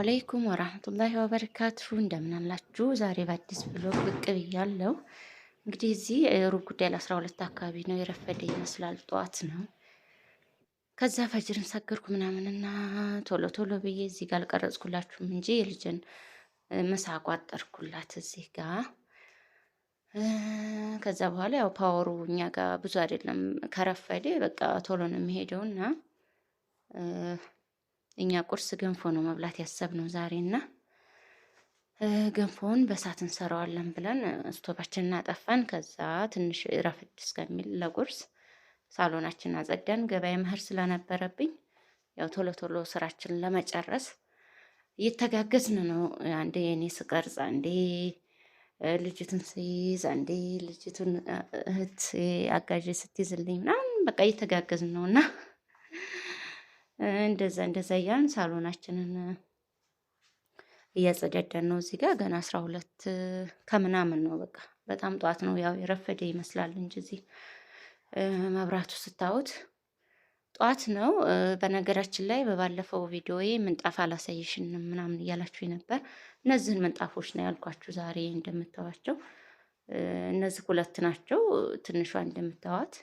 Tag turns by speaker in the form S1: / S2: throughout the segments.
S1: አለይኩም ወራህመቱላሂ ወበረካቱሁ እንደምናላችሁ። ዛሬ በአዲስ ብሎግ ብቅ ብያለሁ። እንግዲህ እዚህ ሩብ ጉዳይ ለአስራ ሁለት አካባቢ ነው የረፈደ ይመስላል፣ ጠዋት ነው። ከዛ ፈጅርን ሰገርኩ ምናምንና ቶሎ ቶሎ ብዬ እዚህ ጋር አልቀረጽኩላችሁም እንጂ የልጅን ምሳ አቋጠርኩላት እዚህ ጋር። ከዛ በኋላ ያው ፓወሩ እኛ ጋር ብዙ አይደለም፣ ከረፈደ በቃ ቶሎ ነው የሚሄደውና እኛ ቁርስ ገንፎ ነው መብላት ያሰብነው እና ገንፎውን በእሳት እንሰራዋለን ብለን ስቶባችን አጠፋን። ከዛ ትንሽ ረፍድ እስከሚል ለቁርስ ሳሎናችን አጸዳን። ገበያ መህር ስለነበረብኝ ያው ቶሎ ቶሎ ስራችንን ለመጨረስ እየተጋገዝን ነው። አንዴ እኔ ስቀርጽ፣ አንዴ ልጅቱን ስይዝ፣ አንዴ ልጅቱን እህት አጋዥ ስትይዝልኝ ምናምን በቃ እየተጋገዝን ነው እና እንደዛ እንደዛ እያልን ሳሎናችንን እያጸዳዳን ነው። እዚህ ጋር ገና አስራ ሁለት ከምናምን ነው። በቃ በጣም ጠዋት ነው። ያው የረፈደ ይመስላል እንጂ እዚህ መብራቱ ስታዩት ጠዋት ነው። በነገራችን ላይ በባለፈው ቪዲዮዬ ምንጣፍ አላሳየሽን ምናምን እያላችሁ ነበር። እነዚህን ምንጣፎች ነው ያልኳችሁ ዛሬ እንደምታዋቸው። እነዚህ ሁለት ናቸው። ትንሿ እንደምታዋት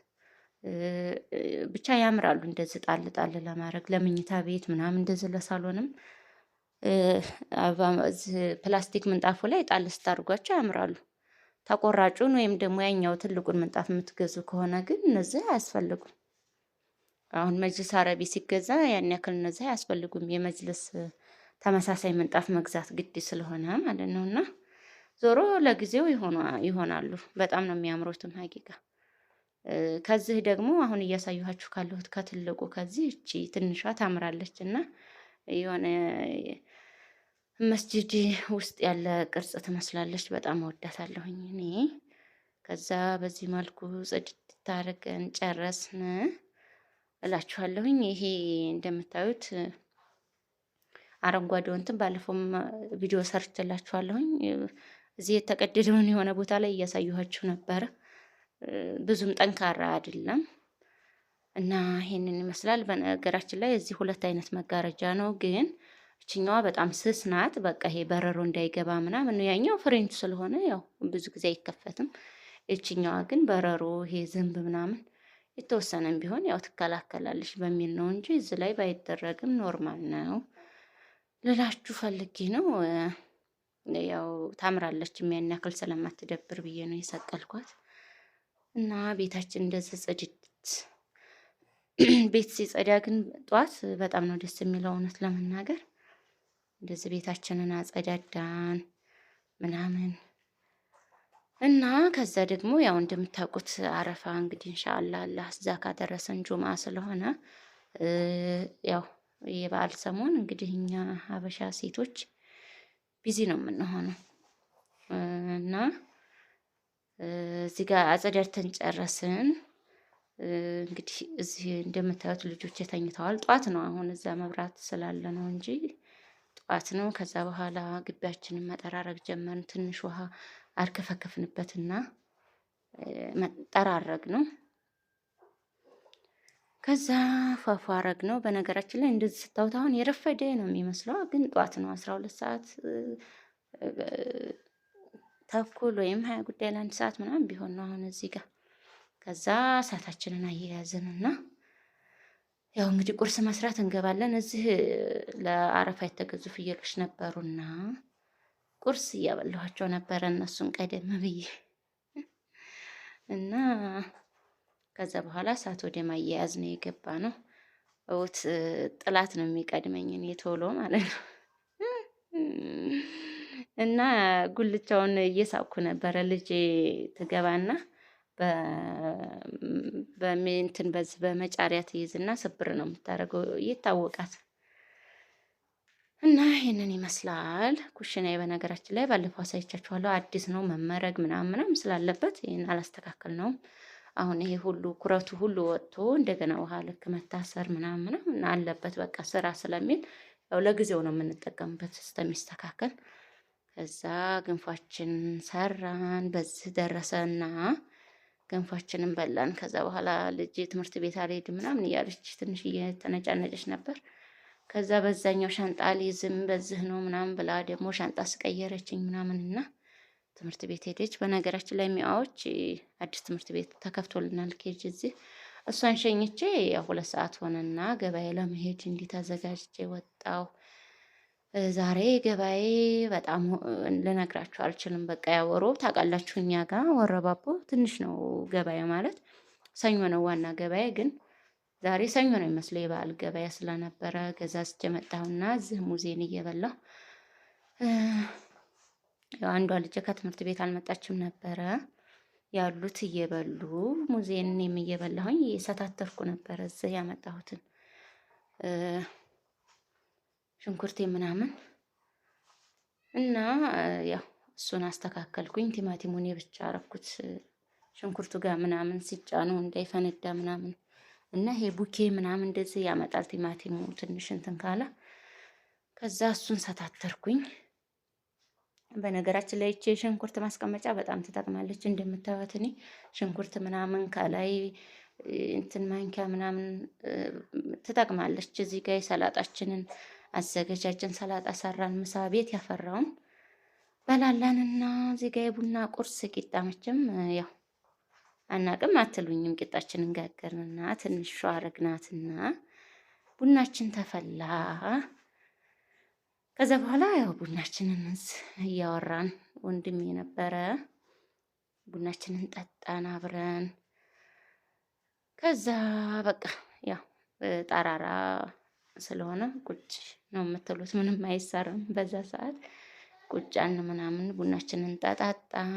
S1: ብቻ ያምራሉ። እንደዚህ ጣል ጣል ለማድረግ ለምኝታ ቤት ምናምን እንደዚህ ለሳሎንም ፕላስቲክ ምንጣፉ ላይ ጣል ስታደርጓቸው ያምራሉ። ተቆራጩን ወይም ደግሞ ያኛው ትልቁን ምንጣፍ የምትገዙ ከሆነ ግን እነዚህ አያስፈልጉም። አሁን መጅልስ አረቢ ሲገዛ ያን ያክል እነዚህ አያስፈልጉም። የመጅልስ ተመሳሳይ ምንጣፍ መግዛት ግድ ስለሆነ ማለት ነው። እና ዞሮ ለጊዜው ይሆናሉ። በጣም ነው የሚያምሩትም ሀቂቃ ከዚህ ደግሞ አሁን እያሳየኋችሁ ካለሁት ከትልቁ ከዚህ እቺ ትንሿ ታምራለች እና የሆነ መስጂድ ውስጥ ያለ ቅርጽ ትመስላለች። በጣም እወዳታለሁኝ እኔ። ከዛ በዚህ መልኩ ጽድት አድርገን ጨረስን እላችኋለሁኝ። ይሄ እንደምታዩት አረንጓዴው እንትን ባለፈውም ቪዲዮ ሰርችላችኋለሁኝ። እዚህ የተቀደደውን የሆነ ቦታ ላይ እያሳየኋችሁ ነበረ። ብዙም ጠንካራ አይደለም እና ይሄንን ይመስላል። በነገራችን ላይ እዚህ ሁለት አይነት መጋረጃ ነው፣ ግን እችኛዋ በጣም ስስ ናት። በቃ ይሄ በረሮ እንዳይገባ ምናምን ነው። ያኛው ፍሬንች ስለሆነ ያው ብዙ ጊዜ አይከፈትም። እችኛዋ ግን በረሮ ይሄ ዝንብ ምናምን የተወሰነም ቢሆን ያው ትከላከላለች በሚል ነው እንጂ እዚህ ላይ ባይደረግም ኖርማል ነው ልላችሁ ፈልጌ ነው። ያው ታምራለች፣ ያን ያክል ስለማትደብር ብዬ ነው የሰቀልኳት። እና ቤታችን እንደዚህ ጽድት ቤት ሲጸዳ ግን ጠዋት በጣም ነው ደስ የሚለው። እውነት ለመናገር እንደዚህ ቤታችንን አጸዳዳን ምናምን እና ከዛ ደግሞ ያው እንደምታውቁት አረፋ እንግዲህ እንሻላ አላህ እዛ ካደረሰን ጁማ ስለሆነ ያው የበዓል ሰሞን እንግዲህ እኛ ሀበሻ ሴቶች ቢዚ ነው የምንሆነው እና እዚህ ጋር አጸዳድተን ጨረስን። እንግዲህ እዚህ እንደምታዩት ልጆች ተኝተዋል ጧት ነው አሁን እዛ መብራት ስላለ ነው እንጂ ጧት ነው። ከዛ በኋላ ግቢያችንን መጠራረግ ጀመርን። ትንሽ ውሃ አርከፈከፍንበትና መጠራረግ ነው። ከዛ ፏፏረግ ነው። በነገራችን ላይ እንደዚህ ስታውት አሁን የረፈደ ነው የሚመስለው፣ ግን ጧት ነው አስራ ሁለት ሰዓት ተኩል ወይም ሀያ ጉዳይ ለአንድ ሰዓት ምናምን ቢሆን ነው አሁን እዚህ ጋር። ከዛ እሳታችንን እና ያው እንግዲህ ቁርስ መስራት እንገባለን። እዚህ ለአረፋ የተገዙ ፍየሎች ነበሩና ቁርስ እያበላኋቸው ነበረ እነሱን ቀደም ብዬ እና ከዛ በኋላ እሳት ወደ ማያያዝ ነው የገባ ነው። እውት ጥላት ነው የሚቀድመኝን የቶሎ ማለት ነው። እና ጉልቻውን እየሳኩ ነበረ። ልጄ ትገባና በእንትን በዚህ በመጫሪያ ትይዝና ስብር ነው የምታደርገው ይታወቃት። እና ይህንን ይመስላል ኩሽናዬ። በነገራችን ላይ ባለፈው አሳይቻችኋለሁ። አዲስ ነው መመረግ ምናምን ምናምን ስላለበት ይህን አላስተካከል ነውም። አሁን ይሄ ሁሉ ኩረቱ ሁሉ ወጥቶ እንደገና ውሃ ልክ መታሰር ምናምን ምናምን አለበት። በቃ ስራ ስለሚል ያው ለጊዜው ነው የምንጠቀምበት እስከሚስተካከል ከዛ ግንፋችን ሰራን። በዚህ ደረሰና ግንፋችንን በላን። ከዛ በኋላ ልጅ ትምህርት ቤት አልሄድ ምናምን እያለች ትንሽ እየተነጫነጨች ነበር። ከዛ በዛኛው ሻንጣ ሊዝም በዚህ ነው ምናምን ብላ ደግሞ ሻንጣ ስቀየረችኝ ምናምን እና ትምህርት ቤት ሄደች። በነገራችን ላይ ሚዋዎች አዲስ ትምህርት ቤት ተከፍቶልናል። ኬጅ እዚህ እሷን ሸኝቼ ሁለት ሰዓት ሆነና ገበያ ለመሄድ እንዲህ ተዘጋጅቼ ወጣሁ። ዛሬ ገበያዬ በጣም ልነግራችሁ አልችልም። በቃ ያወሮ ታውቃላችሁ፣ እኛ ጋር ወረባቦ ትንሽ ነው ገበያ ማለት። ሰኞ ነው ዋና ገበያ፣ ግን ዛሬ ሰኞ ነው ይመስለው የበዓል ገበያ ስለነበረ ገዛዝቼ መጣሁና እዚህ ሙዜን እየበላሁ አንዷ ልጄ ከትምህርት ቤት አልመጣችም ነበረ። ያሉት እየበሉ ሙዜን እኔም እየበላሁኝ እየሰታተርኩ ነበረ እዚህ ያመጣሁትን ሽንኩርቴ ምናምን እና ያው እሱን አስተካከልኩኝ። ቲማቲሙን ብቻ አረኩት ሽንኩርቱ ጋር ምናምን ሲጫኑ እንዳይፈነዳ ምናምን እና ይሄ ቡኬ ምናምን እንደዚህ ያመጣል። ቲማቲሙ ትንሽ እንትን ካለ ከዛ እሱን ሰታተርኩኝ። በነገራችን ላይ ይቺ ሽንኩርት ማስቀመጫ በጣም ትጠቅማለች። እንደምታዩት እኔ ሽንኩርት ምናምን ከላይ እንትን ማንኪያ ምናምን ትጠቅማለች። እዚህ ጋር የሰላጣችንን አዘገጃጀን። ሰላጣ ሰራን። ምሳ ቤት ያፈራውን በላላንና እዚጋ የቡና ቁርስ ቂጣ። መቼም ያው አናቅም አትሉኝም። ቂጣችን እንጋገርንና ትንሹ አረግናትና ቡናችን ተፈላ። ከዛ በኋላ ያው ቡናችንን እያወራን ወንድም የነበረ ቡናችንን ጠጣን አብረን። ከዛ በቃ ያው ጠራራ ስለሆነ ቁጭ ነው የምትሉት። ምንም አይሰራም። በዛ ሰዓት ቁጫን ምናምን ቡናችንን ጠጣጣን።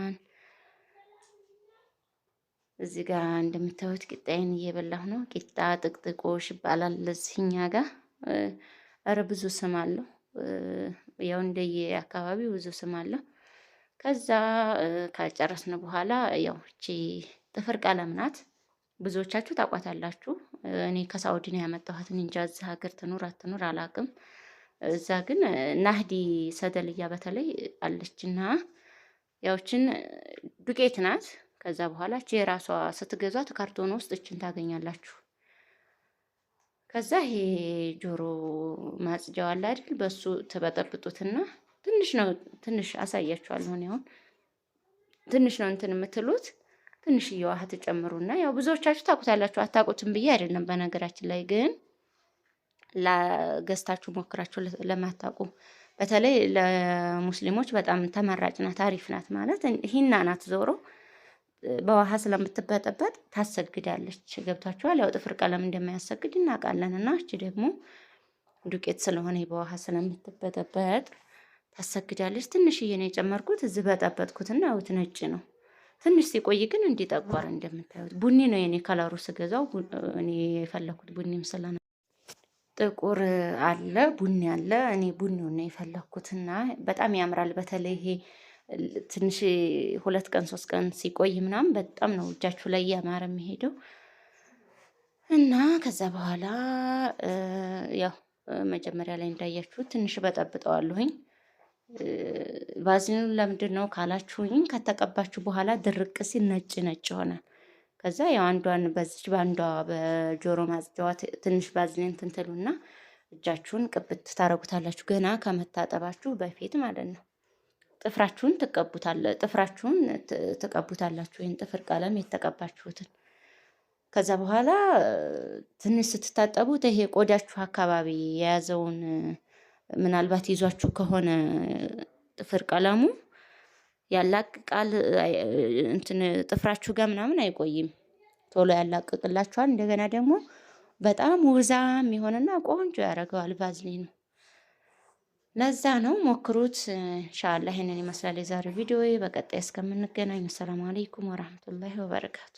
S1: እዚህ ጋር እንደምታዩት ቂጣዬን እየበላሁ ነው። ቂጣ ጥቅጥቆሽ ይባላል ለዚህኛ ጋር። ኧረ ብዙ ስም አለው። ያው እንደየ አካባቢው ብዙ ስም አለው። ከዛ ከጨረስን በኋላ ያው እቺ ጥፍር ቀለም ናት። ብዙዎቻችሁ ታቋታላችሁ። እኔ ከሳውዲ ነው ያመጣኋት። እንጃ እዚህ ሀገር ትኑር አትኑር አላውቅም። እዛ ግን ናህዲ ሰደልያ በተለይ አለችና ያውችን ዱቄት ናት። ከዛ በኋላ ቺ የራሷ ስትገዟት ካርቶን ውስጥ እችን ታገኛላችሁ። ከዛ ይሄ ጆሮ ማጽጃው አለ አይደል? በሱ ትበጠብጡትና ትንሽ ነው ትንሽ አሳያችኋለሁ። አሁን ትንሽ ነው እንትን የምትሉት ትንሽዬ ውሃ ትጨምሩና ያው ብዙዎቻችሁ ታውቁታላችሁ፣ አታውቁትም ብዬ አይደለም። በነገራችን ላይ ግን ገዝታችሁ ሞክራችሁ ለማታውቁ በተለይ ለሙስሊሞች በጣም ተመራጭ ናት፣ አሪፍ ናት። ማለት ሂና ናት ዞሮ በውሃ ስለምትበጠበጥ ታሰግዳለች። ገብታችኋል? ያው ጥፍር ቀለም እንደማያሰግድ እናውቃለን። እና እች ደግሞ ዱቄት ስለሆነ በውሃ ስለምትበጠበጥ ታሰግዳለች። ትንሽዬ ነው የጨመርኩት። እዚህ በጠበጥኩትና ነጭ ነው ትንሽ ሲቆይ ግን እንዲጠቋር እንደምታዩት ቡኒ ነው የኔ ከለሩ። ስገዛው እኔ የፈለኩት ቡኒም ስለነ ጥቁር አለ ቡኒ አለ። እኔ ቡኒውን ነው እና በጣም ያምራል። በተለይ ይሄ ትንሽ ሁለት ቀን ሶስት ቀን ሲቆይ ምናምን በጣም ነው እጃችሁ ላይ እያማረ የሚሄደው እና ከዛ በኋላ ያው መጀመሪያ ላይ እንዳያችሁ ትንሽ በጠብጠዋለሁኝ ቫዝሊኑ ለምንድን ነው ካላችሁኝ፣ ከተቀባችሁ በኋላ ድርቅ ሲል ነጭ ነጭ ይሆናል። ከዛ ያው አንዷን በዚች በአንዷ በጆሮ ማጽጃዋ ትንሽ ቫዝሊን ትንትሉና እጃችሁን ቅብት ታረጉታላችሁ። ገና ከመታጠባችሁ በፊት ማለት ነው። ጥፍራችሁን ጥፍራችሁን ትቀቡታላችሁ፣ ወይም ጥፍር ቀለም የተቀባችሁትን። ከዛ በኋላ ትንሽ ስትታጠቡት ይሄ ቆዳችሁ አካባቢ የያዘውን ምናልባት ይዟችሁ ከሆነ ጥፍር ቀለሙ ያላቅቃል። እንትን ጥፍራችሁ ጋር ምናምን አይቆይም፣ ቶሎ ያላቅቅላችኋል። እንደገና ደግሞ በጣም ውዛም የሆነና ቆንጆ ያደርገዋል ቫዝሊኑ። ለዛ ነው ሞክሩት። ኢንሻአላህ ይሄንን ይመስላል የዛሬ ቪዲዮ። በቀጣይ እስከምንገናኝ ሰላም አለይኩም ወራህመቱላሂ ወበረካቱ።